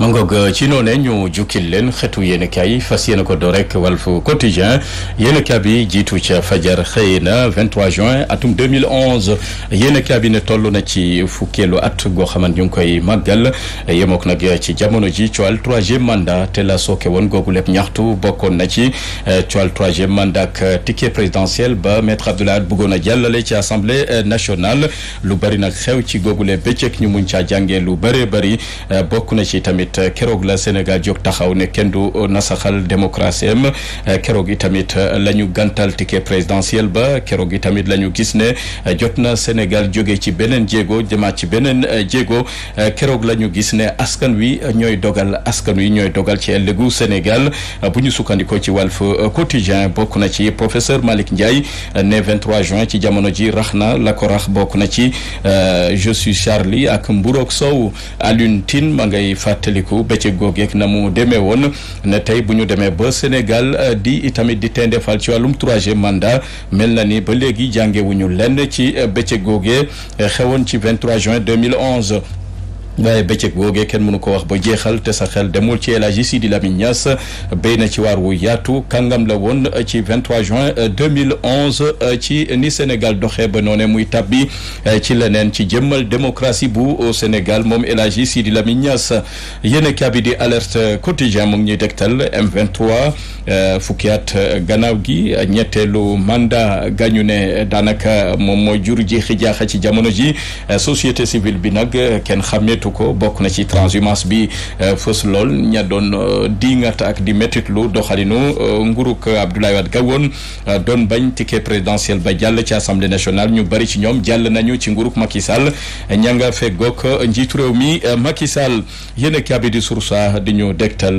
ma ngoog euh, ci noonee ñu jukkil leen xetu yéenekaay yi fas yéene ko doo rek Walf Quotidien yéenekaay bi jiitu ca fajar xëy na 23 juin atum 2011 yéenekaay bi ne toll na ci fukkeelu at goo xamante ñu ngi koy màggal yemook nag ci jamono ji coal troisième mandat te la sooke woon googu lépp ñaxtu bokkoon na ci coal euh, troisième mandat ak ticket présidentiel ba maître Abdoulaye bëggoon a jàllale ci assemblée euh, nationale lu bari nag xew ci googu lépp bëccëg ñu mun caa jàngee lu bëree bari bokk na ci tamit. tamit eh, keroog la Sénégal jóg taxaw ne kenn du nasaxal démocratie am eh, keroog i tamit eh, la ñu gàntal ticket présidentiel ba keroog i tamit la ñu gis ne jot na Sénégal jóge ci beneen jéego jëmaat ci beneen jéego keroog la ñu gis ne askan wi ñooy dogal askan wi ñooy dogal ci ëllëgu Sénégal bu ñu sukkandikoo ci Walf Quotidien bokk na ci professeur Malick Ndiaye ne 23 juin ci jamono ji rax na la rax bokk na ci je suis Charlie ak Mburoog Sow Alioune ma ngay fàttali fàttaliku bëccëg googeeg na mu demee woon ne tey bu ñu demee ba Sénégal euh, di itamit di tendeefal ci wàllum troisième mandat mel na ni ba léegi jàngewuñu lenn ci euh, bëccëg googee euh, xewoon ci 23 juin 2011 waaye bëccëg googee kenn mënu ko wax ba jeexal te sa xel demul ci El Hadji Sidi Lamine Niass béy na ci waar wu yaatu kàngam la woon euh, ci 23 juin 2011 euh, euh, ci ni Sénégal doxee ba noone muy tàbbi ci leneen ci jëmmal démocratie bu Sénégal moom El Hadji Sidi Lamine Niass yéen a kaabi di alerte quotidien mu ngi ñuy dégtal M23 fukki at gannaaw gi ñetteelu mandat gañu ne daanaka moom mooy jur ji xijaaxa ci jamono ji société civile bi nag kenn xàmmeetu saytu ko bokk na ci transhumance bi euh, fës lool ña doon euh, diingat ak di métitlu doxalinu euh, nguruk Abdoulaye Wade gawoon doon bañ ticket présidentiel ba jàll ci assemblée nationale ñu bari ci ñoom jàll nañu ci nguruk Macky Sall ña nga feggoog njiitu réew mi Macky Sall yéen a kii di di ñu dégtal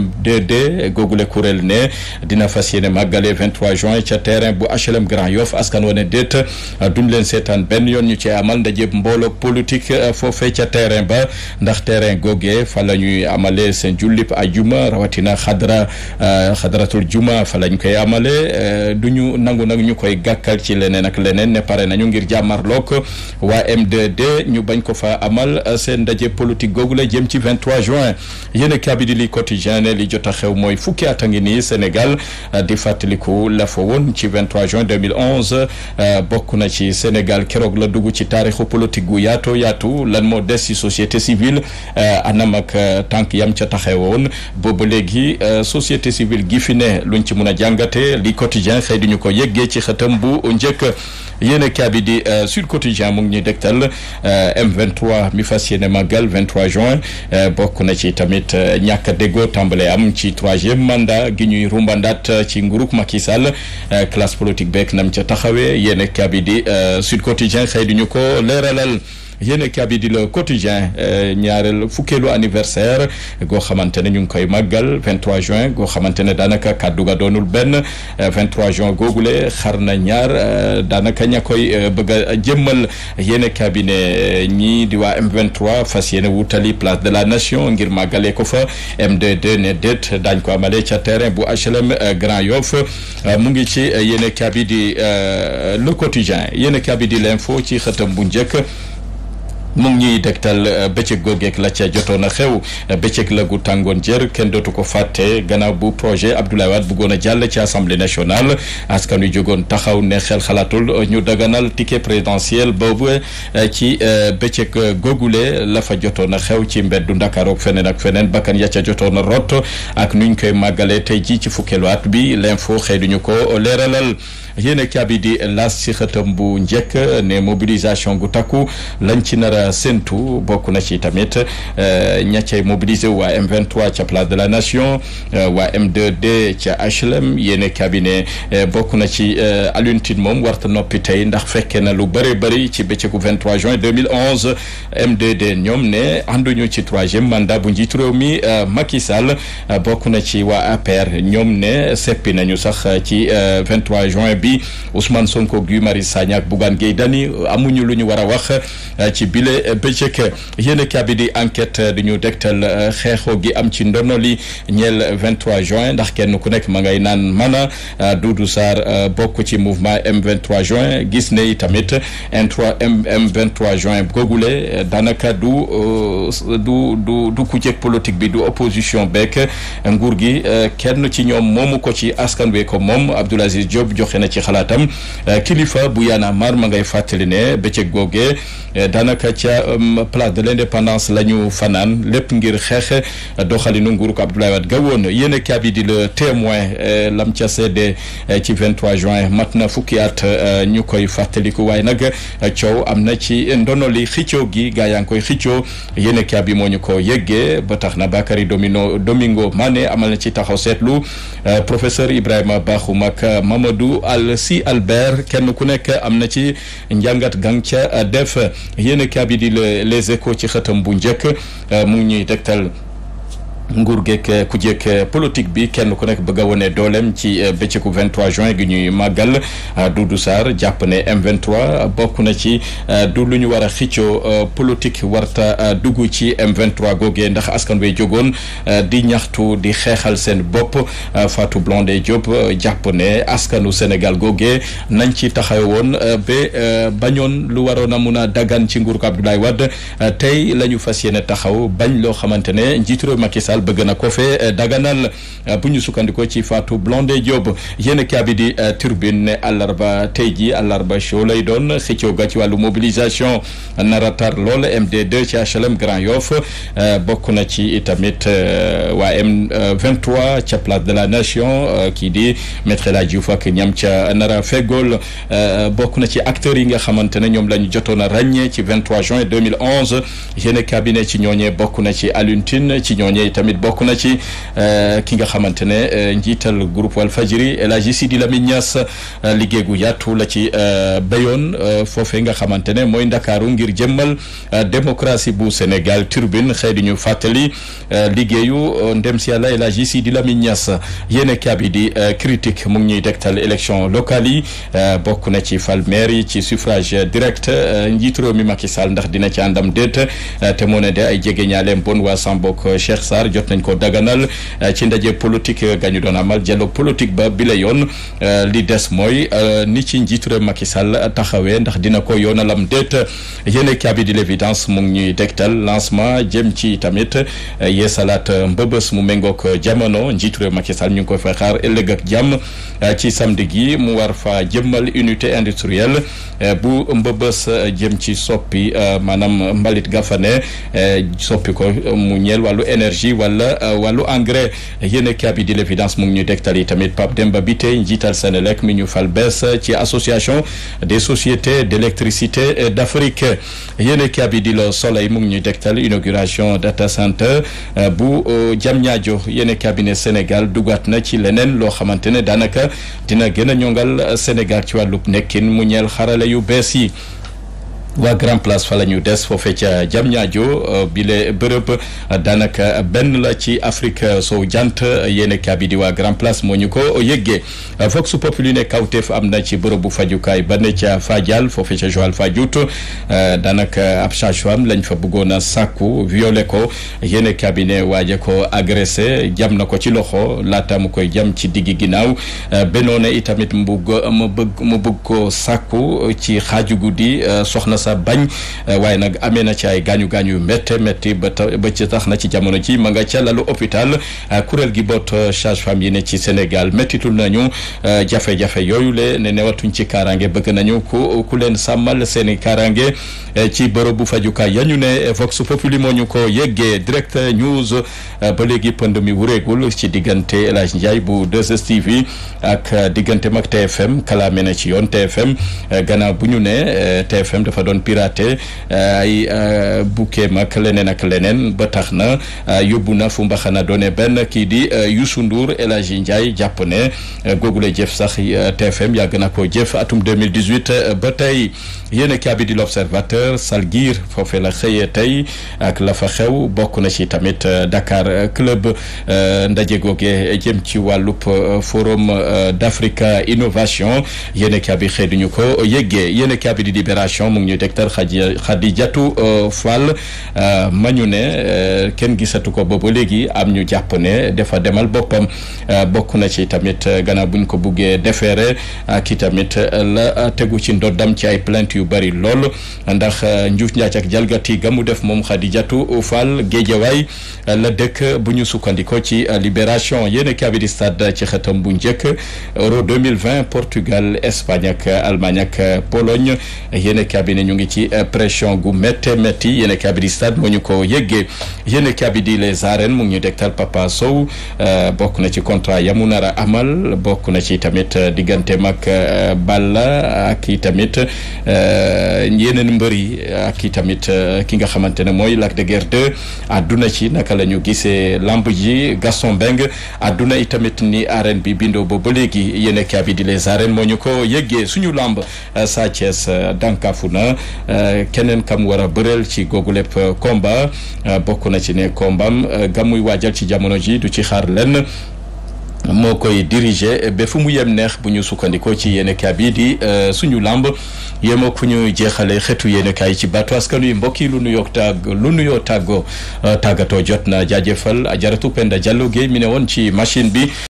MDD googule kuréel ne dina fas yéene màggale 23 juin ca terrain bu HLM Grand Yoff askan wane déet duñ seetaan benn yoon ñu ci amal ndaje mbooloo politique foofee ca terrain ba ndax terrain goge fa la ñuy amale seen jullib juma rawatina xadra euh, xadratul juma fa lañ koy amale euh, du ñu nangu nag ñu koy gàkkal ci leneen ak leneen ne pare nañu ngir jàmmarloog waa m 2 ñu bañ ko fa amal euh, seen ndaje politique googu la jëm ci 23 juin yéen a kabidi li quotidien li jot a xew mooy fukki at a ngi nii Sénégal di fàttaliku la fa woon ci 23 juin 2011 bokk na ci Sénégal keroog la dugg ci taarixu politique gu yaatoo yaatu lan moo des société civile euh, anam ak euh, tànk yam ca taxawoon booba léegi euh, société civile gi fi ne luñ ci mun a jàngate li quotidien xëy di ñu ko yëggee ci xëtam bu njëkk yéen a kaabi di Sud Quotidien mu ngi ñuy dégtal M23 mi fas yéene màggal 23 juin bokk na ci tamit ñàkk a déggoo am ci troisième mandat gi ñuy rumbandaat ci nguurug Macky Sall classe politique beeg nam ca taxawee yéen a Sud Quotidien xëy ñu ko leeralal. yéen a bi di le quotidien euh, ñaareel fukkeelu anniversaire goo xamante ne ñu ngi koy màggal 23 juin goo xamante ne daanaka kàddu ga doonul benn 23 euh, juin googule xar na ñaar euh, daanaka ña koy bëgg a jëmmal yéen a bi ñii di waa M23 fas yéene wutali place de la nation ngir màggale ko fa M22 ne déet daañ ko amale ca terrain bu HLM Grand Yoff mu ngi ci yéen a bi di le quotidien yéen a bi di l'info ci xëtam bu njëkk mu ngi ñuy degtal euh, bëccëg googeeg la ca jotoon a xew bëccëg lagu gu tàngoon jër kenn dootu ko fàtte gannaaw bu projet Abdoulaye Wade bëggoon a jàll ci assemblée nationale askan wi jógoon taxaw ne xel xalaatul euh, ñu daganal ticket présidentiel boobu euh, ci bëccëg googule lafa fa jotoon a xew ci mbeddu Ndakaaru feneen ak feneen bakkan ya ca jotoon a rot ak nuñ koy màggalee tey jii ci fukkeelu waat bi l'info foo xeeduñu ko leeralal. yéen kaabi di las ci bu njëkk ne mobilisation gu takku lañ ci nar a séntu bokk na ci tamit euh, ña cay mobilisé waa m ca place de la nation euh, waa M2D ca HLM yéen kaabi ne euh, bokk na ci Alioune Tine moom warta noppi tey ndax fekkee na lu bëree bari ci bëccëgu 23 juin 2011 M2D ñoom ne ànduñu ci troisième mandat bu njiitu réew mi Macky Sall bokk na ci waa APR ñoom ne seppi nañu sax ci 23 juin. bi Ousmane Sonko Guy Marius Sagna ak Bougane Gueye Dany amuñu lu ñu war a wax eh, ci bile bëccëg yéen kaa bi di enquête eh, di eh, gi am ci ndono li ñeel 23 juin ndax kenn ku nekk ma ngay naan mana du du Sarr bokk ci mouvement M23 juin gis ne tamit M3 M23 juin googule daanaka du du du du ku jëkk bi du opposition beek nguur gi kenn ci ñoom moomu ko ci askan wi moom Abdoul Aziz Diop joxe na ci xalaatam euh, kilifa bu Y'en a ma ngay fàttali ne bëccëg googe euh, daanaka ca place de l'indépendance la ñu fanaan lépp ngir xeex euh, doxalinu nguuru ko Abdoulaye yéen a kaabi di le témoin lam ca seede ci 23 juin mat na fukki at ñu koy fàttaliku waaye nag coow am na ci ndono li xicco gi gaa yaa ngi koy xicco yéen a kaabi moo ñu ko yëggee ba tax na Bakary Domino Domingo Mané amal na ci taxaw seetlu professeur Ibrahima Bakhoum ak Al si 6 Albert kenn ku nekk am na ci njàngat gang ca euh, def yenn a kaabi di les échos ci xëtam bu njëkk euh, mu ngi ñuy tegtal nguur geeg eh, ku jeeg eh, politique bi kenn ku nekk bëgg a wane dooleem ci eh, bëccëgu 23 juin gi ñuy màggal ah, du du Sarr jàpp ne M23 bokk na ci du lu ñu war a xicco politique warta dugg ci M23 googee ndax askan wi jógoon di ñaxtu di xeexal seen bopp Fatou Blondé Diop jàpp ne askanu Sénégal googee nañ ci woon ba bañoon lu waroon a mun a dagan ci nguur ko Abdoulaye Wade tey lañu ñu fas yéene taxaw bañ loo xamante ne njiitu Sall bëgg na ko fee eh, daganal eh, bu ñu sukkandikoo ci Fatou Blondé Diop yéen kaa bi di eh, turbine ne àllarba tey jii àllarba show lay doon xëccoo ga ci wàllu mobilisation nar a tar lool MD2 ci HLM Grand Yoff bokk na ci tamit waa M23 ca place de la nation kii di maître El Hadj Diouf ñam ca nara feggool bokk na ci acteurs yi nga xamante ne ñoom la ñu jotoon a ci juin 2011 yéen ci ñooñee bokk na ci Alioune Tine ci ñooñee itam tamit bokk na ci euh, ki nga xamante ne euh, njiital groupe Walfajiri El Hadji Sidi Lamine Niass euh, liggéey gu yaatu la ci béyoon foofee nga xamante ne mooy ndakaaru ngir jëmmal démocratie bu Sénégal turbine xëy ñu fàttali liggéeyu ndem si yàlla El Hadji Sidi Lamine Niass yéen kaabi di critique mu ngi ñuy dektal élection locale yi bokk na ci fal maire yi ci suffrage direct njiitu réew mi Macky Sall ndax dina ci àndam déet te moo ne de ay jege ñaaleem bon waa Sambok Cheikh jot nañ ko daganal eh, ci ndaje politique gañu doon amal dialogue politique ba bi la yoon eh, li des mooy eh, ni ci njiitu réew Sall taxawee ndax dina ko yoonalam déet yéen kaabi di l'évidence mu ngi ñuy dégtal lancement jëm ci tamit yeesalaat mbëbës mu méngook jamono njiitu réew Macky ñu ngi ko fa xaar ëllëg ak jàmm ci samedi gi mu war fa jëmmal unité industrielle bu mbëbës jëm ci soppi maanaam mbalit gafane soppi ko mu ñeel wàllu énergie wala euh, wàllu engrais yéen a kii di l'évidence mu ngi ñu tegtali tamit Pape Demba tey njiital Senelec mu ñu fal bees ci association des sociétés d'électricité d'Afrique yéen a kii di Le Soleil mu ngi ñu tegtal inauguration data center euh, bu euh, Diamniadio yéen a kii ne Sénégal dugat na ci leneen loo xamante ne daanaka dina gën a ñongal Sénégal ci wàllu nekkin mu ñeel xarale yu bees yi. waa Grand Place fa la ñu des foofee ca jam bi le bërëb euh, daanaka benn la ci Afrique euh, sow jant euh, yéen a di waa Grand Place moo ñu ko yëggee Vox Populi ne kawteef am na ci bërëbu fajukaay ba ne ca Fadial foofe ca Joal Fadiouth daanaka ab sage lañ fa bëggoon a sàkku violé ko yéen a bi ne waaja ko agressé jam na ko ci loxo laata mu koy jam ci diggi ginnaaw bennoo ne itamit mu bëgg mu bëgg ko sàkku ci xaaju guddi soxna. Massa bañ eh, waaye nag amee na ci ay gaañu gaañu yu métte métti ba ba tax na ci jamono ji ma nga ca lalu hôpital eh, kuréel gi boot sage-femme eh, yi ne ci Sénégal méttitul nañu jafe-jafe yooyu le ne watuñ ci kaaraange bëgg nañu ku ku leen sàmmal seen i kaaraange ci bërëbu fajukaay ya ñu ne Vox Populi moo ñu ko yëggee direct news ba léegi pënd mi wureegul ci diggante El Hadj Ndiaye bu 2STV ak diggante mag TFM kalaame na ci yoon TFM gannaaw bu ñu ne TFM dafa doon doon piraté euh, ay euh, bouquet ak leneen ak leneen ba tax na euh, yóbbu na fu mbaxana doone benn kii di Youssou Ndour El Hadji Ndiaye jàpp ne googule jëf sax TFM yàgg na ko jëf atum 2018 ba tey yéena kaabi di l'observateur salgir foofe la xëyee tey ak la fa xew bokk na ci tamit Dakar club ndaje googe jëm ci wàllub forum d'Africa innovation yéena kaabi xëy duñu ko yëggee yéena kaabi di libération mu ngi ñu docteur Khadijatou euh, Fall euh, ma ñu ne euh, kenn gisatu ko ba ba léegi am ñu jàpp ne dafa demal boppam bokk na ci tamit gannaaw buñ ko buggee defeere ki tamit la tegu ci ndoddam ci ay plainte yu bari lool ndax njuuf njaac ak jalgati ga mu def moom Khadijatou Fall géejawaay la dëkk bu ñu sukkandikoo ci libération yéen kabi di ci xëtam bu njëkk euro ñu ñu ngi ci euh, pression gu métte métti yéen kabi di stade moo ñu ko yëggee yéen kabi di les arènes mu ngi ñu dektal Papa Sow euh, bokk na ci contrat yamu nar a amal bokk na ci tamit euh, diggante mag Balla ak i tamit yeneen mbër yi ak i tamit ki nga xamante ne mooy Lac de Guerre 2 àdduna ci naka lañu gisee lamb yi Gaston Mbengue àdduna i tamit ni arène bi bindoo ba ba léegi yéen kabi di les arènes moo ñu ko yëggee suñu lamb Sa Thiès na Euh, keneen kam war a bëreel ci googu lépp euh, combat euh, bokk na ci ne kombaam gamuy waajal ci jamono ji du ci xaar lenn moo koy diriger ba fu mu yem neex bu ñu sukkandikoo ci yéen kaay bi di suñu làmb yéema ku ñu jeexale xetu yéen kaay ci baatu askan wi mbokk yi lu nuyoo tàgg lu nuyoo tàggoo tàggatoo jot na jaajëfal ajaratu Penda Diallo Guèye mi ne woon ci machine bi.